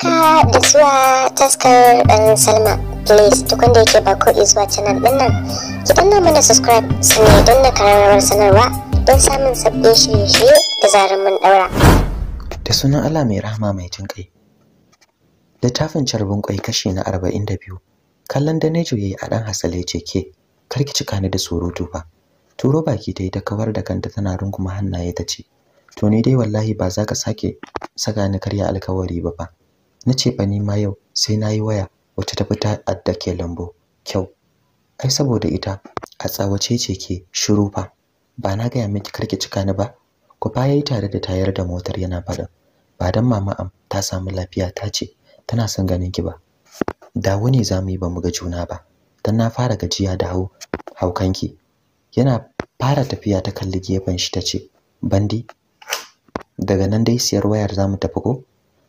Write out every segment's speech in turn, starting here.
haka da zuwa taskar dan salma please duk wanda yake ba ko zuwa canal din nan ki danna mana subscribe su ne don na kararrawar sanarwa don samun sabbin shirye-shirye da zarar mun daura da sunan allah mai rahama mai jin kai littafin carbin kwai kashi na arba'in da biyu kallon da na yayi a ɗan hasale ce ke kar ki cika ni da surutu ba. turo baki ta yi ta kawar da kanta tana rungume hannaye ta ce to ni dai wallahi ba za ka sake saka ni karya alkawari ba fa na ce ba ni ma yau sai na yi waya wacce ta fita a dake lambu, kyau ai saboda ita a tsawace ce ke shiru fa ba na gaya miki karki cika ni ba ku fa yayi tare da tayar da motar yana fada ba dan mama am ta samu lafiya ta ce tana son ganin ki ba da wani zamu yi ba mu ga juna ba dan na fara gajiya da hau haukanki yana fara tafiya ta kalli gefen shi ta ce, bandi daga nan dai siyar wayar zamu tafi ko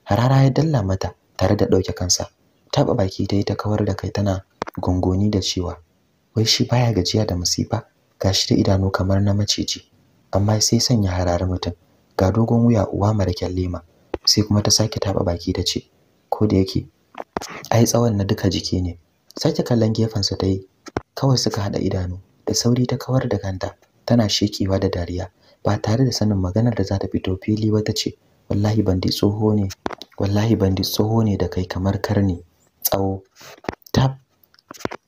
harara ya dalla mata tare da ɗauke kansa taɓa baki ta yi ta kawar da kai tana gungoni da cewa wai shi baya gajiya da masifa gashi da idanu kamar na maciji amma sai sanya harari mutum ga dogon wuya uwa mara kyallema sai kuma ta sake taɓa baki ta ce ko da yake ai tsawon na duka jiki ne sake kallon gefensa ta yi kawai suka haɗa idanu da sauri ta kawar da kanta tana shekewa da dariya ba tare da sanin maganar da za ta fito fili ba ta ce wallahi bandi tsoho ne wallahi tsoho ne da kai kamar karni tsawo tab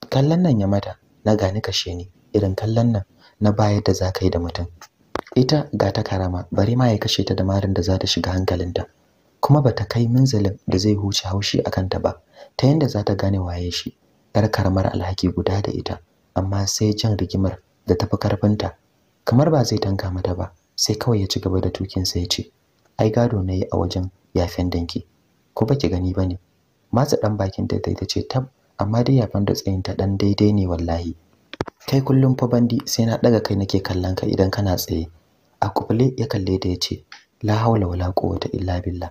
kallon nan ya mata na gani kashe ni irin kallon nan na bayar da za yi da mutum ita ga ta karama bari ma ya kashe ta da marin da za ta shiga hankalinta kuma ba ta kai minzalin da zai huce haushi a kanta ba ta yadda za ta gane waye shi yar karamar alhaki guda da ita amma sai jan rigimar da tafi karfinta kamar ba zai tanka mata ba sai kawai ya ci gaba da tukin ya ce ai gado na yi a wajen yafen danki ko baki gani bane matsa dan bakin da ta ce tab amma dai yafen da tsayin ta dan daidai ne wallahi kai kullum fa bandi sai na daga kai nake kallon ka idan kana tsaye a kufle ya kalle ta yace la haula wala quwwata illa billah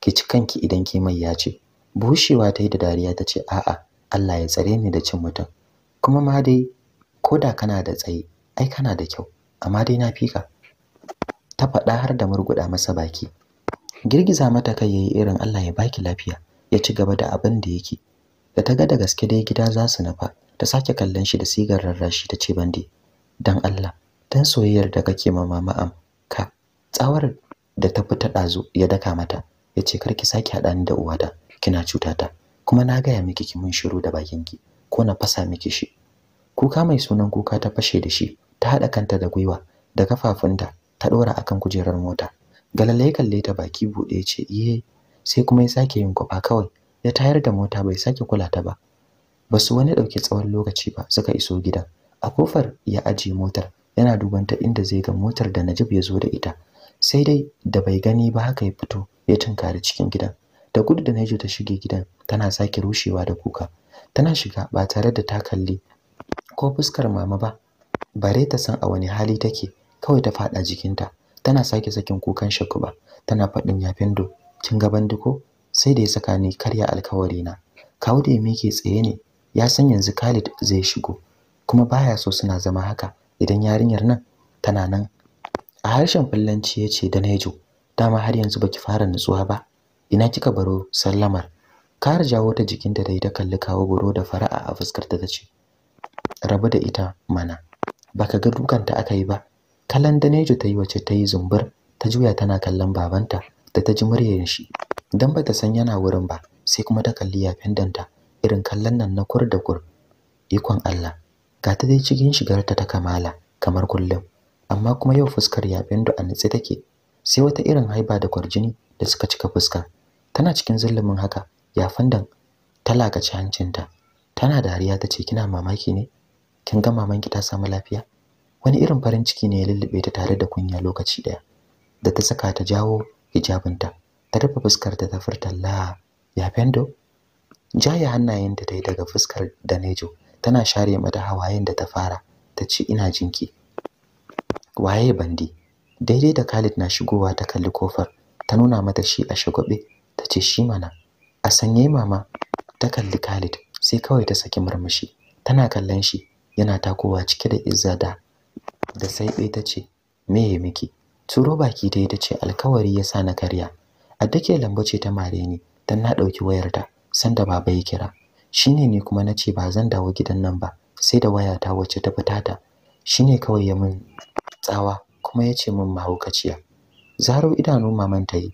ki ci kanki idan ki mai ya ce bushewa ta yi da dariya ta ce a'a Allah ya tsare ni da cin mutum kuma ma dai koda kana da tsaye ai kana da kyau amma dai na fika ta faɗa har da murguɗa masa baki girgiza mata kai yayi irin Allah ya baki lafiya ya ci gaba da abin da yake da ta ga da gaske dai gida za su nafa ta sake kallon shi da sigar rarrashi ta ce bande dan Allah dan soyayyar da kake ma mama am ka tsawar da ta fita ɗazu ya daka mata ya ce ki sake haɗa ni da uwata kina cutata kuma na gaya miki ki mun shiru da bakinki ko na fasa miki shi kuka mai sunan kuka ta fashe da shi ta haɗa kanta da gwiwa da kafafunta ta dora akan kujerar mota galalai kalle ta baki bude ce iye sai kuma ya sake yin kwafa kawai ya tayar da mota bai sake kula ta ba basu wani dauke tsawon lokaci ba suka iso gidan. a kofar ya aje motar yana duban ta inda zai ga motar da Najib ya zo da ita sai dai da bai gani ba haka ya fito ya tunkari cikin gidan da gudu da Najib ta shige gidan tana sake rushewa da kuka tana shiga ba tare da ta kalli ko fuskar mama ba bare ta san a wani hali take kawai ta faɗa jikinta tana sake sakin kukan shakuba tana faɗin yafindo kin ga bandiko sai da ya saka ni karya alkawari na kawo da me tsaye ne ya san yanzu Khalid zai shigo kuma baya so suna zama haka idan yarinyar nan tana nan a harshen fullanci yace da Nejo dama har yanzu baki fara nutsuwa ba ina kika baro sallamar kar jawo ta jikinta da ita kalli kawo goro da fara'a a fuskar ta tace rabu da ita mana baka ga dukanta aka yi ba kallon danejo ta yi wace ta yi zumbur ta juya tana kallon babanta da ta ji muryar shi dan bata san yana wurin ba sai kuma ta kalli yafin danta irin kallon nan na kur da kur ikon Allah ga ta dai cikin shigarta ta kamala kamar kullum amma kuma yau fuskar yafin da annitsi take sai wata irin haiba da kwarjini da suka cika fuska tana cikin zulumin haka yafin dan ta lakaci hancinta tana dariya ta ce kina mamaki ne kin ga mamanki ta samu lafiya wani irin farin ciki ne ya lullube ta tare da kunya lokaci daya da ta saka ta jawo hijabinta ta rufe fuskar ta ta furta la ya fendo jaya hannayen ta yi daga fuskar danejo tana share mata hawayen da ta fara ta ce ina jinki waye bandi daidai da Khalid na shigowa ta kalli kofar ta nuna mata shi a shagwabe ta ce shi mana a sanye mama ta kalli Khalid sai kawai ta saki murmushi tana kallon shi yana takowa cike da izza da da sai saiɓe ta ce me ya miki turo baki dai ta ce alkawari ya sa na karya a dake lambo ce ta mare ni dan na ɗauki wayarta sanda baba ya kira shine ni kuma na ce ba zan dawo gidan nan ba sai da waya ta wacce ta fita ta shine kawai ya min tsawa kuma ya ce min mahaukaciya zaro idanu maman ta yi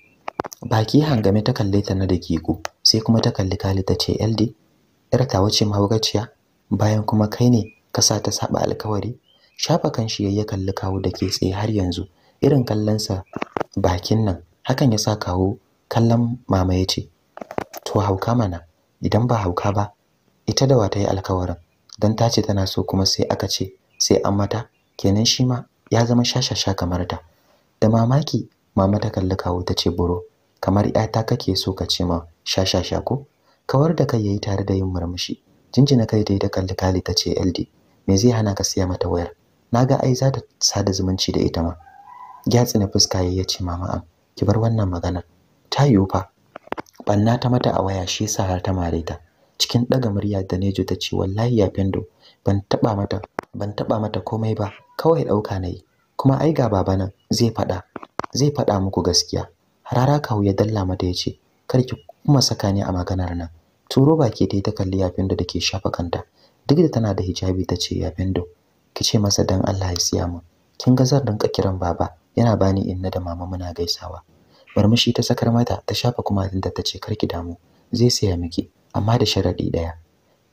baki hangame ta kalle ta na dakiko sai kuma ta kalli kali ta ce LD yar ta wace mahaukaciya bayan kuma kai ne ka sa ta saba alkawari shafa kan shi ya kalli kawo da ke tsaye har yanzu irin kallonsa bakin nan hakan ya sa kawo kallon mama ya ce to hauka mana idan ba hauka ba ita da wata yi alkawarin don ta ce tana so kuma sai aka ce sai an mata kenan shi ma ya zama shashasha kamar ta da mamaki mama ta kalli kawo ta ce buro kamar 'yata kake so ka ce ma shashasha ko kawar da kai yayi tare da yin murmushi jinjina kai dai ta kalli kali ta ce ld me zai hana ka siya mata wayar naga ai za ta sada zumunci da ita ma gyatsi na fuska yayi mama am ki bar wannan maganar ta yiwu fa banna ta mata a waya shi yasa har ta mare ta cikin daga murya da nejo ta ce wallahi ya fendo ban taba mata ban taba mata komai ba kawai dauka nayi kuma ai ga baba nan zai fada zai fada muku gaskiya harara kawu ya dalla mata ya ce kar ki kuma saka ni a maganar nan turo baki ta ta kalli ya fendo da ke shafa kanta duk da tana da hijabi ta ce ya fendo ki ce masa dan Allah ya siya mu. kin ga zan rinka kiran baba yana bani inna da mama muna gaisawa murmushi ta sakar mata ta shafa kuma da ta ce karki damu zai siya miki amma da sharadi daya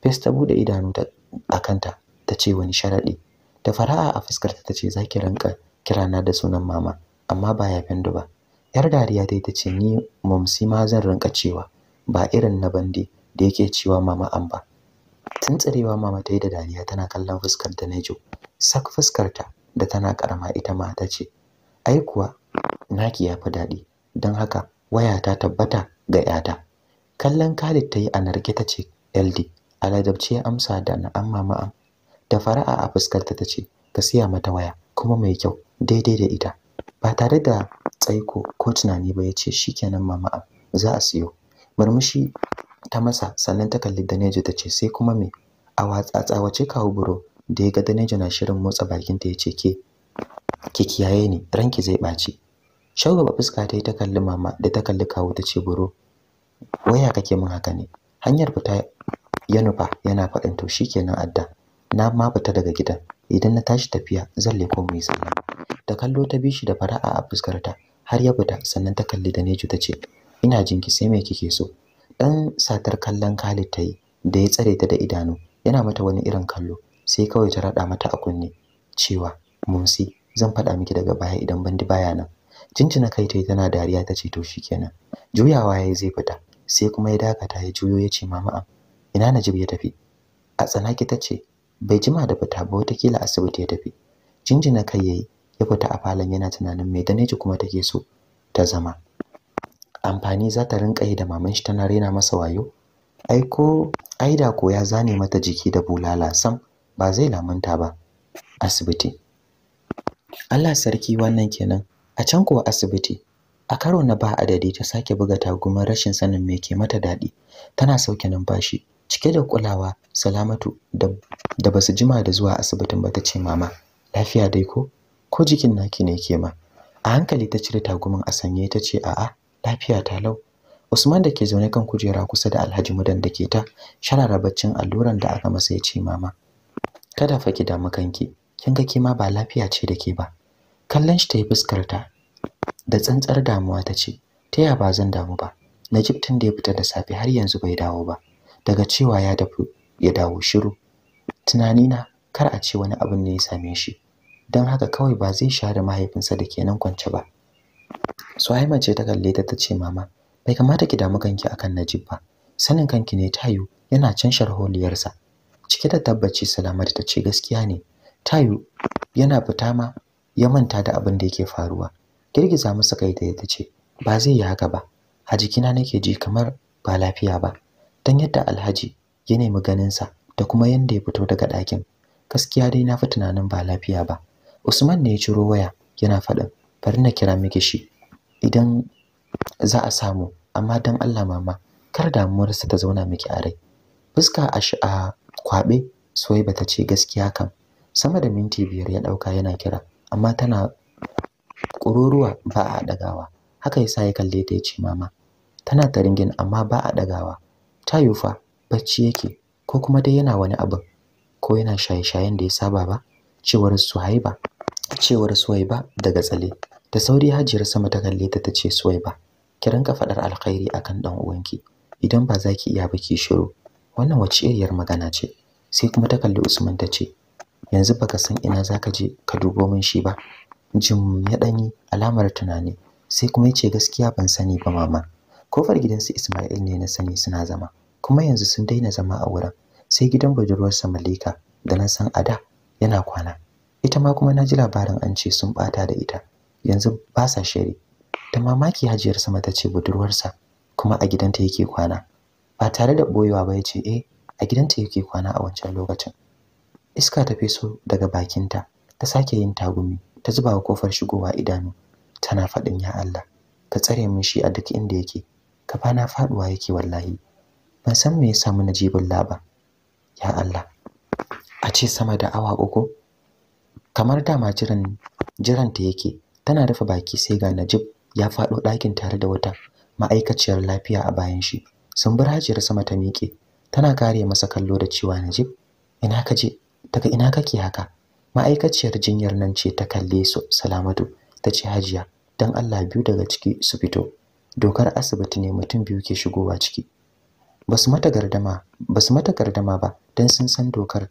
fes ta bude idanu ta akanta tace wani sharadi ta fara'a a fuskar ta ce zaki rinka kirana da sunan mama amma ba ya fendu ba yar dariya dai tace ni mumsi ma zan rinka cewa ba irin na bandi da yake cewa mama an ba Tsuntsarewa mama ta yi da dariya tana kallon fuskar da Nejo. Sak fuskarta da tana karama ita ma ta ce, "Ai kuwa, naki ya fi daɗi, don haka waya ta tabbata ga 'yata." Kallon Khalid ta yi a narke ta ce, "LD, aladabci ya amsa da na'am mama Da fara'a a fuskarta ta ce, "Ka siya mata waya, kuma mai kyau, daidai da ita." Ba tare da tsaiko ko tunani ba ya ce, "Shikenan mama za a siyo." Murmushi ta masa sannan ta kalli Danejo ta ce sai kuma me a watsatsa wace kawo buro da ya ga Danejo na shirin motsa bakin ta ya ce ke ki kiyaye ni ranki zai ɓaci shagaba fuska ta yi ta kalli mama da ta kalli kawo ta ce buro waya kake min haka ne hanyar fita ya yana faɗin to shikenan adda na ma fita daga gidan idan na tashi tafiya zan leko mai sallah da kallo ta bi shi da fara'a a fuskarta har ya fita sannan ta kalli Danejo ta ce ina jinki sai me kike so ɗan satar kallon Khalid ta yi da ya tsare ta da idanu yana mata wani irin kallo sai kawai ta rada mata a kunne cewa Musi zan faɗa miki daga baya idan bandi baya nan jinjina kai ta yi tana dariya ta ce to kenan. juyawa yayi zai fita sai kuma ya dakata ya juyo ya ce mama ina Najib ya tafi a tsanaki ta ce bai jima da fita ba wata kila asibiti ya tafi jinjina kai yayi ya fita a falon yana tunanin mai da kuma take so ta zama amfani za ta rinka yi da maman shi tana rena masa wayo ai ko aida ko ya zane mata jiki da bulala sam ba zai lamunta ba asibiti Allah sarki wannan kenan a can kuwa asibiti a karo na ba adadi ta sake buga tagumin rashin sanin me ke mata daɗi tana sauke numfashi cike da kulawa salamatu da basu jima da zuwa asibitin ba ta ce mama lafiya dai ko ko jikin naki ne ke ma a hankali ta cire tagumin a sanye ta ce a'a lafiya ta lau Usman da ke zaune kan kujera kusa da Alhaji Mudan da ke ta sharara baccin alluran da aka masa ya ce mama kada fa ki damu kanki kin ga kima ba lafiya ce da ke ba kallon shi ta yi fuskar ta da tsantsar damuwa ta ce ta ya ba zan damu ba Najib tun da ya fita da safe har yanzu bai dawo ba daga cewa ya dafu ya dawo shiru tunani na kar a ce wani abin ne ya same shi don haka kawai ba zai sha da mahaifinsa da ke nan kwance ba Suhaima ce ta kalle ta tace mama bai kamata ki damu kanki akan Najib ba sanin kanki ne Tayu yana can sa. cike da tabbaci ta ce gaskiya ne Tayu yana fita ma ya manta da abin da yake faruwa girgiza masa kai da tace ba zai yi haka ba a jikina nake ji kamar ba lafiya ba dan yadda Alhaji ya nemi ganin sa da kuma yanda ya fito daga ɗakin gaskiya dai na fi tunanin ba lafiya ba Usman ne ya ciro waya yana faɗin bari na kira miki shi idan za a samu amma dan Allah mama kar sa ta zauna miki a rai fuska a shi a kwabe Suwaiba ta ce gaskiya kan. sama da minti biyar ya dauka yana kira amma tana kururuwa ba a dagawa haka yasa ya kalle ta yace mama tana ta ringin amma ba a dagawa ta fa bacci yake ko kuma dai yana wani abu ko yana shaye-shayen da ya saba ba cewar Suhaiba cewar Suwaiba daga tsale. Da sauri Hajiyar sama ta kalle ta tace Suwaiba, ki ranka faɗar alkhairi akan dan uwanki. Idan ba zaki iya ba ki shiru. Wannan wace iriyar magana ce? Sai kuma ta kalli Usman ta ce, yanzu baka san ina zaka je ka dubo min shi ba. Jim ya danyi alamar tunani, sai kuma ya ce gaskiya ban sani ba mama. Kofar gidan su Ismail ne na sani suna zama, kuma yanzu sun daina zama a wurin. Sai gidan budurwarsa Malika da na san ada yana kwana. ita ma kuma na ji labarin an ce sun bata da ita yanzu ba sa shiri da mamaki hajiyar sama ta ce budurwarsa kuma a gidanta yake kwana ba tare da boyewa ba ya ce eh a gidanta yake kwana a wancan lokacin iska ta feso daga bakinta ta sake yin tagumi ta zuba wa kofar shigowa idanu tana faɗin ya Allah ka tsare min shi a duk inda yake kafana faduwa yake wallahi ban san me ya samu najibin laba ya Allah a ce sama da awa uku kamar dama jiran jiranta yake tana rufe baki sai ga Najib ya faɗo ɗakin tare da wata ma'aikaciyar lafiya a bayan shi sun bar hajiyar sama ta miƙe tana kare masa kallo da cewa Najib ina je daga ina kake haka ma'aikaciyar jinyar nan ce ta kalle su Salamatu ta ce hajiya Don Allah biyu daga ciki su fito dokar asibiti ne mutum biyu ke shigowa ciki basu mata gardama basu mata gardama ba dan sun san dokar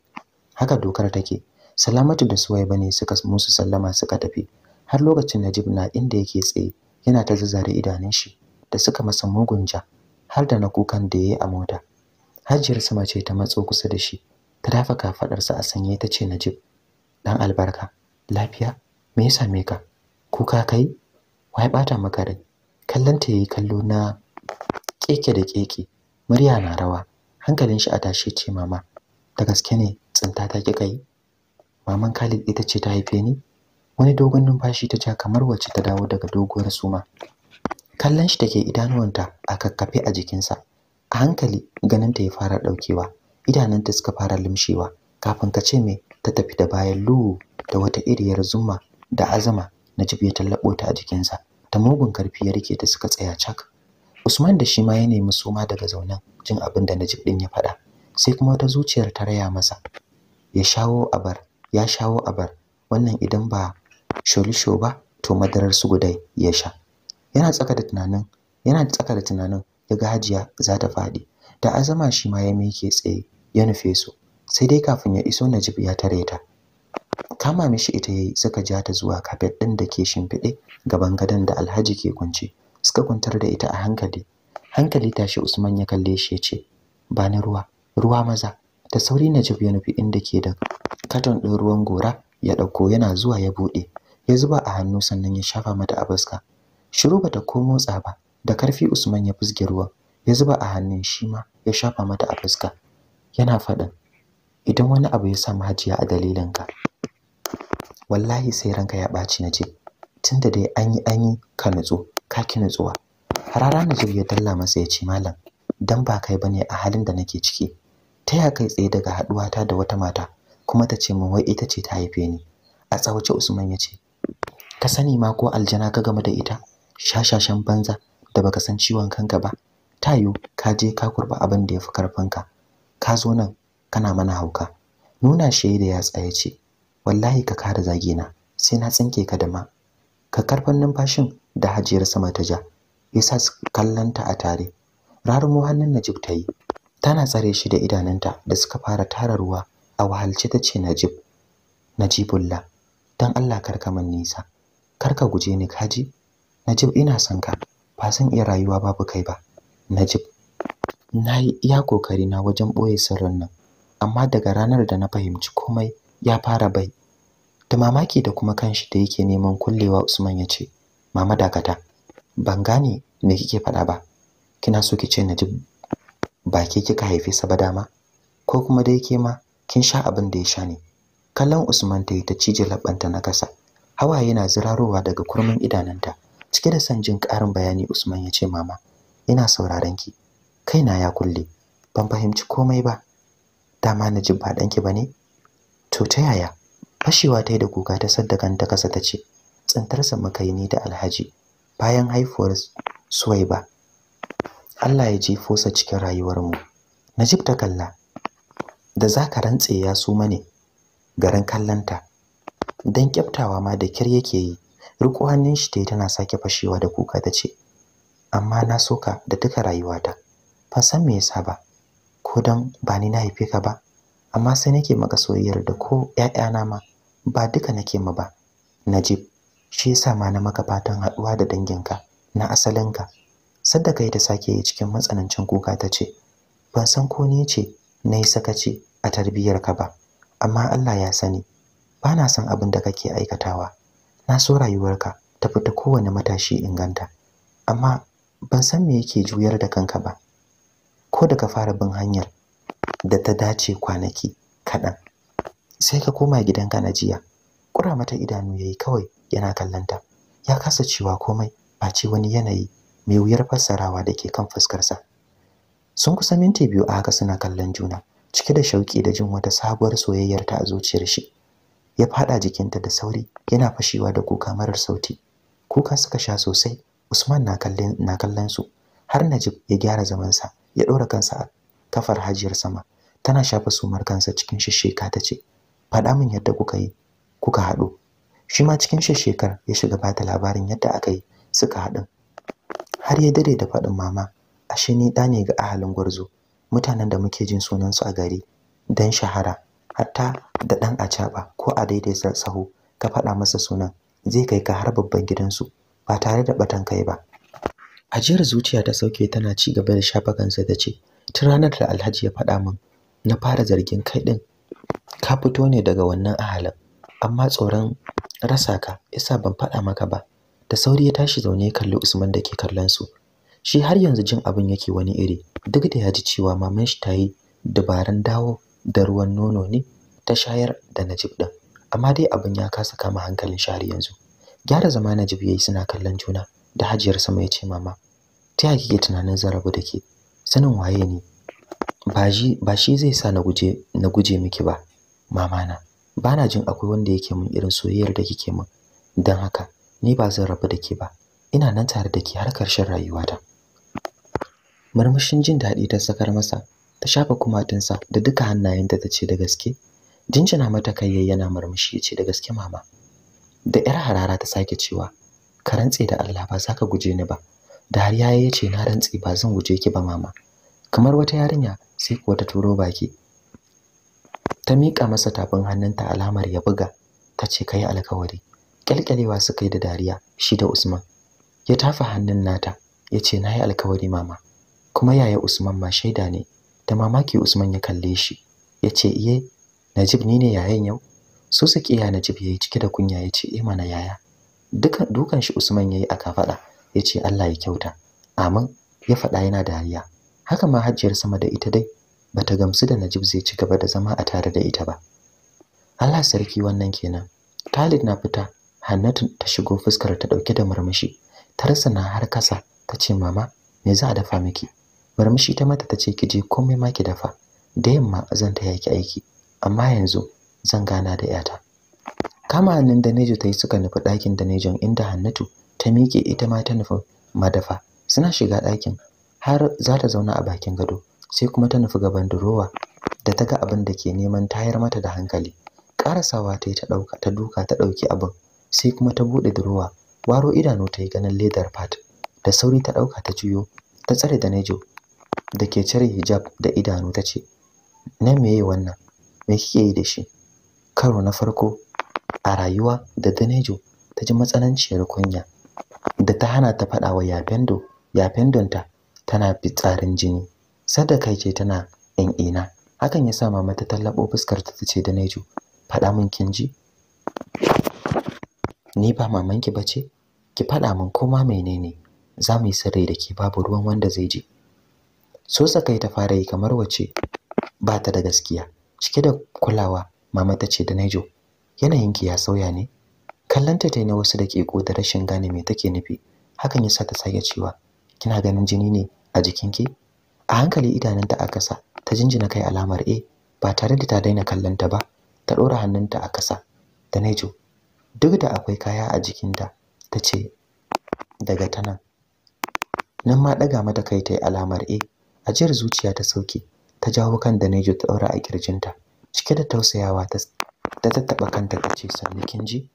haka dokar take Salamatu da Suwaiba ne suka musu sallama suka tafi. Har lokacin Najib na inda yake tsaye yana ta zazzare idanun shi da suka masa mugun ja har da na kukan da yayi a mota. Hajiyar sama ce ta matso kusa da shi ta dafa kafadarsa a sanye ta ce Najib dan albarka lafiya me ya same ka kuka kai wai bata maka rai Kallanta yayi kallo na keke da keke murya na rawa hankalin shi a tashe ce mama da gaske ne tsinta ta kika yi maman Khalid ita ce ta haife ni wani dogon numfashi ta ja kamar wacce ta dawo daga doguwar suma kallon shi take idanuwanta a kakkafe a jikinsa a hankali ganin ta ya fara daukewa idananta suka fara limshewa kafin ka ce me ta tafi da bayan lu da wata iriyar zuma da azama na jibi ya tallabo ta a jikinsa ta mugun karfi ya rike ta suka tsaya cak Usman da shi ma ya nemi suma daga zaunan jin abin da Najib din ya faɗa sai kuma ta zuciyar ta raya masa ya shawo abar ya shawo abar wannan idan ba sholisho ba to madarar su gudai ya sha yana tsaka da tunanin yana tsaka da tunanin daga hajiya za ta faɗi da azama shi ma ya mike tsaye ya nufe su sai dai kafin ya iso najib ya tare ta kama mishi ita yayi suka ja ta zuwa kafet ɗin da ke shimfiɗe gaban gadon da alhaji ke kunce, suka kwantar da ita a hankali hankali tashi usman ya kalle shi ya ce ba ni ruwa ruwa maza da sauri na Najib ya nufi inda ke da katon ɗin ruwan gora ya ɗauko yana zuwa ya buɗe ya zuba a hannu sannan ya shafa mata a fuska shiru bata ko motsa ba da karfi Usman ya fusge ruwan ya zuba a hannun shi ma ya shafa mata a fuska yana faɗin idan wani abu ya samu hajiya a dalilinka wallahi sai ranka ya ɓaci na ce tunda dai an yi an yi ka nutso ka ki nutsuwa harara Najib ya dalla masa ya ce malam dan ba kai bane a halin da nake ciki ta ya kai tsaye daga haduwata da wata mata kuma ta ce min wai ita ce ta haife ni a tsawace Usman ya ce ka sani ma ko aljana ka game da ita shashashan banza da baka san ciwon kanka ba tayo ka je ka kurba abin da yafi karfinka ka zo nan kana mana hauka nuna shaida ya tsaye ce wallahi ka kara zage na sai na tsinke ka da ma ka karfan numfashin da hajiyar sama ta ja yasa kallanta a tare rarumo hannun Najib ta yi tana tsare shi da idanunta da suka fara tara ruwa a wahalce ta ce najib najibullah dan allah karka man nisa karka guje ni kaji najib ina son ka ba san iya rayuwa babu kai ba najib na yi iya kokari na wajen ɓoye sirrin nan amma daga ranar da na fahimci komai ya fara bai da mamaki da kuma kanshi da yake neman kullewa usman ya ce mama dakata ban gane me kike faɗa ba kina so ki ce najib ba ke kika haife sa ba dama ko kuma dai ke ma kin sha abin da ya sha ne kallon Usman ta yi ta cije labanta na kasa hawaye na zirarowa daga kurmin idananta cike da son jin ƙarin bayani Usman ya ce mama ina sauraron ki kaina ya kulle ban fahimci komai ba dama na ji ba danki bane to ta yaya fashewa ta yi da kuka ta saddakan ta kasa ta ce Tsintarsa muka yi ni da Alhaji bayan haifuwar Suwaiba Allah ya jefo fosa cikin rayuwarmu Najib ta kalla da za ka rantse ya su mane garin kallanta dan kyaftawa ma da kyar yake yi riko hannun shi tayi tana sake fashewa da kuka ce. amma na soka da duka rayuwata fasan san me yasa ba ko dan ba ni na haife ka ba amma sai nake maka soyayyar da ko 'ya'yana ma ba duka nake ma ba Najib shi yasa ma na maka fatan haɗuwa da danginka na asalinka sadda kai ta sake yi cikin matsanancin kuka ta ce ban san ko ne ce na yi sakaci a tarbiyyar ka ba amma Allah ya sani ba na san abin da kake aikatawa na so rayuwarka ta fita kowane matashi inganta amma ban san me yake juyar da kanka ba ko daga fara bin hanyar da ta dace kwanaki kaɗan sai ka koma gidanka na jiya Kura mata idanu yayi kawai yana kallonta. ya kasa cewa komai ba ce wani yanayi mai wuyar fassarawa da ke kan fuskarsa sun kusa minti biyu a haka suna kallon juna cike da shauki da jin wata sabuwar soyayyar ta a zuciyar shi ya faɗa jikinta da sauri yana fashewa da kuka marar sauti kuka suka sha sosai Usman na kallon na kallon su har Najib ya gyara zamansa ya ɗora kansa a kafar hajiyar sama tana shafa sumar kansa cikin shisheka ta ce faɗa min yadda kuka yi kuka haɗu shi ma cikin shishekar ya shiga bata labarin yadda aka yi suka haɗu har ya dare da faɗin mama ashe ni ɗa ne ga ahalin gwarzo mutanen da muke jin sunansu a gari dan shahara hatta da ɗan acaɓa ko a daidai sahu ka faɗa masa sunan zai kai ka har babban gidansu ba tare da ɓatan kai ba ajiyar zuciya ta sauke tana ci gaba da shafa kansa ta ce tun ranar da alhaji ya faɗa min na fara zargin kai ɗin ka fito ne daga wannan ahalin amma tsoron rasa ka isa ban faɗa maka ba da sauri ya tashi zaune ya kalli Usman da ke kallon su shi har yanzu jin abin yake wani iri duk da ya ji cewa maman shi ta yi dabaran dawo da ruwan nono ne ta shayar da Najib din amma dai abin ya kasa kama hankalin shari yanzu gyara zama Najib yayi suna kallon juna da hajiyar sama ya ce mama ta yaya kike tunanin zarafi da ke sanin waye ne ba shi zai sa na guje na guje miki ba mama na bana jin akwai wanda yake min irin soyayyar da kike min dan haka ni ba zan rabu da ke ba ina nan tare da ke har ƙarshen rayuwata murmushin jin daɗi ta sakar masa ta shafa kumatunsa da duka hannayenta ta ce da gaske jinjina mata kai yana murmushi ya ce da gaske mama da yar harara ta sake cewa ka rantse da Allah ba za ka guje ni ba da dariya ya ce na rantse ba zan guje ki ba mama kamar wata yarinya sai kuwa ta turo baki ta miƙa masa tafin hannunta alamar ya buga ta ce yi alkawari kyalkyalewa suka yi da dariya shi da Usman ya tafa hannun nata ya ce na yi alkawari mama kuma yaya Usman ma shaida ne da mamaki Usman ya kalle shi ya ce iye Najib ni ne yayan yau so su kiya Najib ya yi cike da kunya ya ce eh mana yaya dukan dukan shi Usman ya yi aka faɗa ya ce Allah ya kyauta amin ya faɗa yana dariya haka ma hajjiyar sama da ita dai bata gamsu da Najib zai ci gaba da zama a tare da ita ba Allah sarki wannan kenan Talib na fita Hannatu ta shigo fuskar ta dauke da murmushi ta rasa na har kasa ta ce mama me za a dafa miki murmushi ta mata ta ce ki je komai ma ki dafa da yamma zan taya ki aiki amma yanzu zan gana da yata kama hannun da Nejo ta yi suka nufi ɗakin da Nejon inda Hannatu ta miƙe ita ma ta nufi madafa suna shiga ɗakin har za ta zauna a bakin gado sai kuma ta nufi gaban durowa da ta ga abin da ke neman tayar mata da hankali karasawa ta yi ta ɗauka ta duka ta ɗauki abin sai kuma ta buɗe durowa waro idanu ta yi ganin ledar fat da sauri ta ɗauka ta juyo ta tsare da nejo da ke cire hijab da idanu ta ce na meye wannan me kike yi da shi karo na farko a rayuwa da danejo ta ji matsananciyar kunya da ta hana ta faɗa wa yafendo yafendonta tana fitsarin jini sadaka kai ce tana ina hakan ya sa mama ta tallabo fuskar ta tace danejo faɗa min kin ji ni ba mamanki ba ce ki faɗa min koma menene za mu yi sirri da ke babu ruwan wanda zai je so sakai ta fara yi kamar wace ba ta da gaskiya cike da kulawa mama ta ce da naijo yanayinki ya sauya ne kallanta ta na wasu da ke da rashin gane me take nufi hakan ya sa ta sake cewa kina ganin jini ne a jikin jikinki a hankali idanunta a kasa ta jinjina kai alamar A eh, ba tare da ta daina kallonta ba ta ɗora hannunta a kasa da naijo duk da akwai kaya a jikinta ta ce daga ta nan nan ma ɗaga mata kai ta yi alamar e ajiyar zuciya ta sauke ta jawo kan da nejo ta ɗaura a kirjinta cike da tausayawa ta ta tattaɓa kanta ta ce sannu kin ji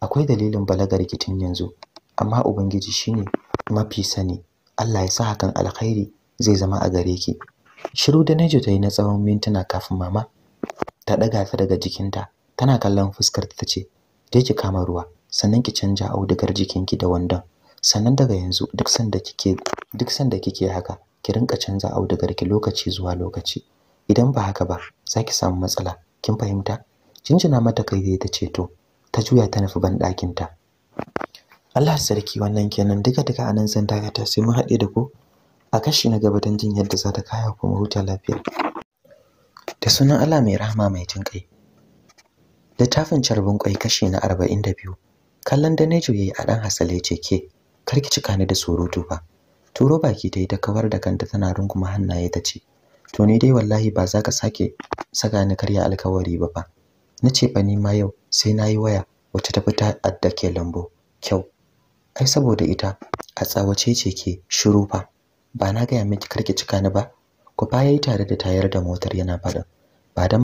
akwai dalilin balagar rikicin yanzu amma ubangiji shine mafi sani Allah ya sa hakan alkhairi zai zama a gare ki shiru da nejo ta yi na tsawon mintuna kafin mama ta ɗaga ta daga jikinta tana kallon fuskar ta ce da ki kama ruwa sannan ki canja audugar jikinki da wandon sannan daga yanzu duk sanda kike duk sanda kike haka ki rinka canza ki lokaci zuwa lokaci idan ba haka ba za ki samu matsala kin fahimta jinjina mata kai dai ta ce ta juya ta nufi ban ɗakin ta Allah sarki wannan kenan duka duka anan zan dakata sai mun haɗe da ku a kashi na gaba don jin yadda za ta kaya kuma huta lafiya da sunan Allah mai rahama mai jin kai littafin carbin kwai kashi na 42 kallon danejo yayi a dan hasale ce ke karki cika ni da surutu fa turo baki ta yi ta kawar da kanta tana runguma hannaye ta ce to ni dai wallahi ba za ka sake saka ni karya alkawari ba fa na ce fa ni ma yau sai nayi yi waya wacce ta fita adda ke lambo kyau ai saboda ita a tsawace ce ke shiru fa ba na gaya miki karki cika ni ba ku baya yi tare da tayar da motar yana faɗin ba dan